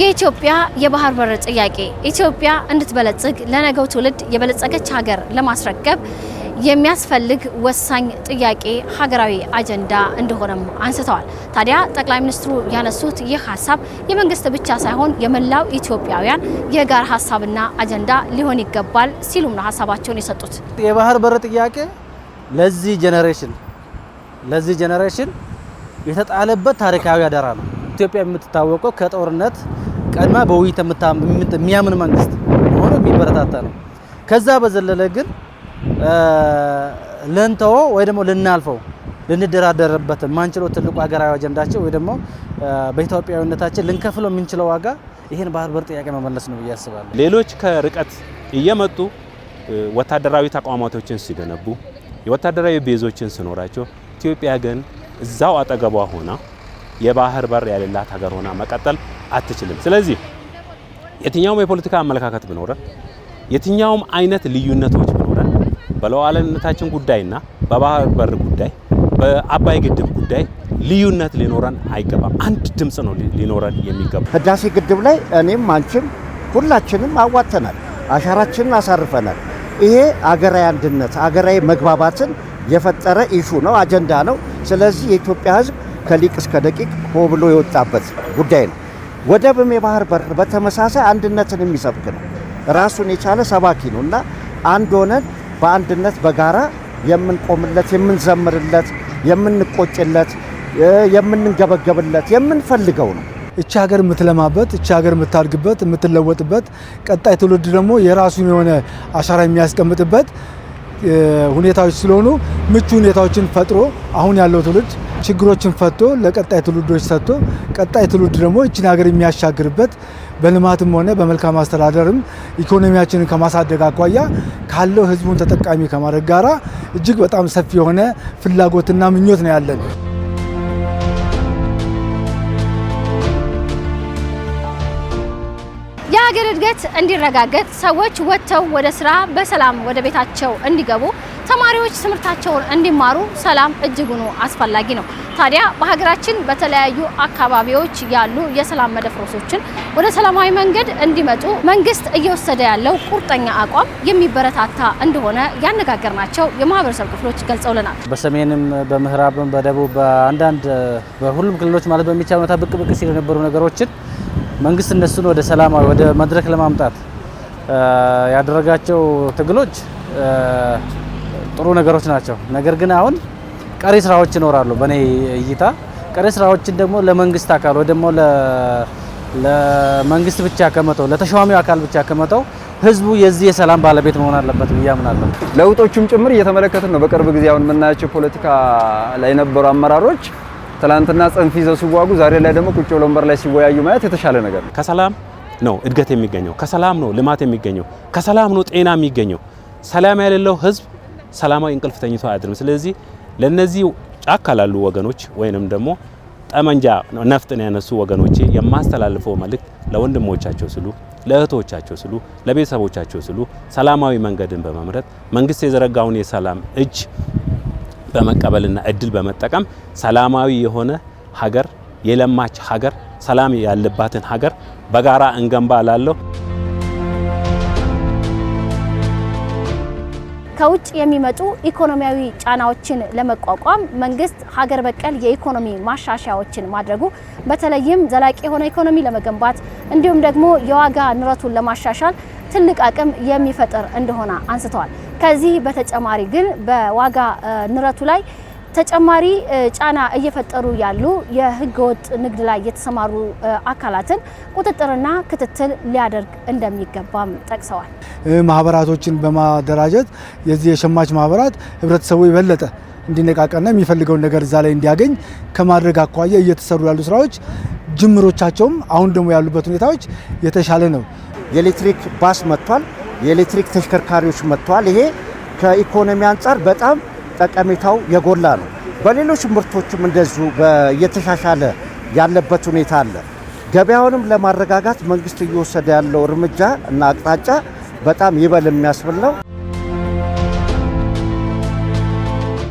የኢትዮጵያ የባህር በር ጥያቄ ኢትዮጵያ እንድትበለጽግ ለነገው ትውልድ የበለጸገች ሀገር ለማስረከብ የሚያስፈልግ ወሳኝ ጥያቄ ሀገራዊ አጀንዳ እንደሆነም አንስተዋል። ታዲያ ጠቅላይ ሚኒስትሩ ያነሱት ይህ ሀሳብ የመንግስት ብቻ ሳይሆን የመላው ኢትዮጵያውያን የጋራ ሀሳብና አጀንዳ ሊሆን ይገባል ሲሉም ነው ሀሳባቸውን የሰጡት። የባህር በር ጥያቄ ለዚህ ጀኔሬሽን ለዚህ ጀኔሬሽን የተጣለበት ታሪካዊ አደራ ነው። ኢትዮጵያ የምትታወቀው ከጦርነት ቀድማ በውይይት የሚያምን መንግስት ሆኖ የሚበረታታ ነው። ከዛ በዘለለ ግን ለንተው ወይ ደግሞ ልናልፈው ልንደራደርበት የማንችለው ትልቁ ሀገራዊ አጀንዳችን ወይ ደግሞ በኢትዮጵያዊነታችን ልንከፍለው የምንችለው ዋጋ ይህን ባህር በር ጥያቄ መመለስ ነው ብዬ አስባለሁ። ሌሎች ከርቀት እየመጡ ወታደራዊ ተቋማቶችን ሲገነቡ፣ የወታደራዊ ቤዞችን ሲኖራቸው ኢትዮጵያ ግን እዛው አጠገቧ ሆና የባህር በር ያሌላት ሀገር ሆና መቀጠል አትችልም። ስለዚህ የትኛውም የፖለቲካ አመለካከት ቢኖረን፣ የትኛውም አይነት ልዩነቶች ቢኖረን በሉዓላዊነታችን ጉዳይና በባህር በር ጉዳይ በአባይ ግድብ ጉዳይ ልዩነት ሊኖረን አይገባም። አንድ ድምፅ ነው ሊኖረን የሚገባ። ህዳሴ ግድብ ላይ እኔም አንቺም ሁላችንም አዋተናል፣ አሻራችንን አሳርፈናል። ይሄ አገራዊ አንድነት አገራዊ መግባባትን የፈጠረ ኢሹ ነው፣ አጀንዳ ነው። ስለዚህ የኢትዮጵያ ህዝብ ከሊቅ እስከ ደቂቅ ሆ ብሎ የወጣበት ጉዳይ ነው። ወደብም የባህር በር በተመሳሳይ አንድነትን የሚሰብክ ነው። ራሱን የቻለ ሰባኪ ነው እና አንድ ሆነን በአንድነት በጋራ የምንቆምለት፣ የምንዘምርለት፣ የምንቆጭለት፣ የምንገበገብለት የምንፈልገው ነው። እቺ ሀገር የምትለማበት እቺ ሀገር የምታድግበት የምትለወጥበት ቀጣይ ትውልድ ደግሞ የራሱን የሆነ አሻራ የሚያስቀምጥበት ሁኔታዎች ስለሆኑ ምቹ ሁኔታዎችን ፈጥሮ አሁን ያለው ትውልድ ችግሮችን ፈቶ ለቀጣይ ትውልዶች ሰጥቶ ቀጣይ ትውልድ ደግሞ ይችን ሀገር የሚያሻግርበት በልማትም ሆነ በመልካም አስተዳደርም ኢኮኖሚያችንን ከማሳደግ አኳያ ካለው ህዝቡን ተጠቃሚ ከማድረግ ጋራ እጅግ በጣም ሰፊ የሆነ ፍላጎትና ምኞት ነው ያለን። የሀገር እድገት እንዲረጋገጥ ሰዎች ወጥተው ወደ ስራ በሰላም ወደ ቤታቸው እንዲገቡ ተማሪዎች ትምህርታቸውን እንዲማሩ ሰላም እጅጉኑ አስፈላጊ ነው። ታዲያ በሀገራችን በተለያዩ አካባቢዎች ያሉ የሰላም መደፍረሶችን ወደ ሰላማዊ መንገድ እንዲመጡ መንግስት እየወሰደ ያለው ቁርጠኛ አቋም የሚበረታታ እንደሆነ ያነጋገርናቸው የማህበረሰብ ክፍሎች ገልጸውልናል። በሰሜንም፣ በምህራብም በደቡብ በአንዳንድ በሁሉም ክልሎች ማለት በሚቻል ሁኔታ ብቅ ብቅ ሲል የነበሩ ነገሮችን መንግስት እነሱን ወደ ሰላማዊ ወደ መድረክ ለማምጣት ያደረጋቸው ትግሎች ጥሩ ነገሮች ናቸው። ነገር ግን አሁን ቀሪ ስራዎች ይኖራሉ። በእኔ እይታ ቀሪ ስራዎችን ደግሞ ለመንግስት አካል ወይ ደግሞ ለመንግስት ብቻ ከመተው ለተሿሚው አካል ብቻ ከመተው ህዝቡ የዚህ የሰላም ባለቤት መሆን አለበት ብዬ አምናለሁ። ለውጦቹም ጭምር እየተመለከትን ነው። በቅርብ ጊዜ አሁን የምናያቸው ፖለቲካ ላይ የነበሩ አመራሮች ትላንትና ጽንፍ ይዘው ሲዋጉ፣ ዛሬ ላይ ደግሞ ቁጭ ብሎ ወንበር ላይ ሲወያዩ ማየት የተሻለ ነገር ነው። ከሰላም ነው እድገት የሚገኘው፣ ከሰላም ነው ልማት የሚገኘው፣ ከሰላም ነው ጤና የሚገኘው። ሰላም የሌለው ህዝብ ሰላማዊ እንቅልፍ ተኝቶ አያድርም። ስለዚህ ለነዚህ ጫካ ላሉ ወገኖች ወይንም ደግሞ ጠመንጃ ነፍጥን ያነሱ ወገኖቼ የማስተላልፈው መልእክት ለወንድሞቻቸው ስሉ፣ ለእህቶቻቸው ስሉ፣ ለቤተሰቦቻቸው ስሉ ሰላማዊ መንገድን በመምረጥ መንግስት የዘረጋውን የሰላም እጅ በመቀበልና እድል በመጠቀም ሰላማዊ የሆነ ሀገር የለማች ሀገር ሰላም ያለባትን ሀገር በጋራ እንገንባ ላለሁ ከውጭ የሚመጡ ኢኮኖሚያዊ ጫናዎችን ለመቋቋም መንግስት ሀገር በቀል የኢኮኖሚ ማሻሻያዎችን ማድረጉ በተለይም ዘላቂ የሆነ ኢኮኖሚ ለመገንባት እንዲሁም ደግሞ የዋጋ ንረቱን ለማሻሻል ትልቅ አቅም የሚፈጥር እንደሆነ አንስተዋል። ከዚህ በተጨማሪ ግን በዋጋ ንረቱ ላይ ተጨማሪ ጫና እየፈጠሩ ያሉ የህገወጥ ንግድ ላይ የተሰማሩ አካላትን ቁጥጥርና ክትትል ሊያደርግ እንደሚገባም ጠቅሰዋል። ማህበራቶችን በማደራጀት የዚህ የሸማች ማህበራት ህብረተሰቡ የበለጠ እንዲነቃቀና የሚፈልገውን ነገር እዛ ላይ እንዲያገኝ ከማድረግ አኳያ እየተሰሩ ያሉ ስራዎች ጅምሮቻቸውም አሁን ደግሞ ያሉበት ሁኔታዎች የተሻለ ነው። የኤሌክትሪክ ባስ መጥቷል። የኤሌክትሪክ ተሽከርካሪዎች መጥቷል። ይሄ ከኢኮኖሚ አንጻር በጣም ጠቀሜታው የጎላ ነው። በሌሎች ምርቶችም እንደዚሁ እየተሻሻለ ያለበት ሁኔታ አለ። ገበያውንም ለማረጋጋት መንግስት እየወሰደ ያለው እርምጃ እና አቅጣጫ በጣም ይበል የሚያስብል ነው።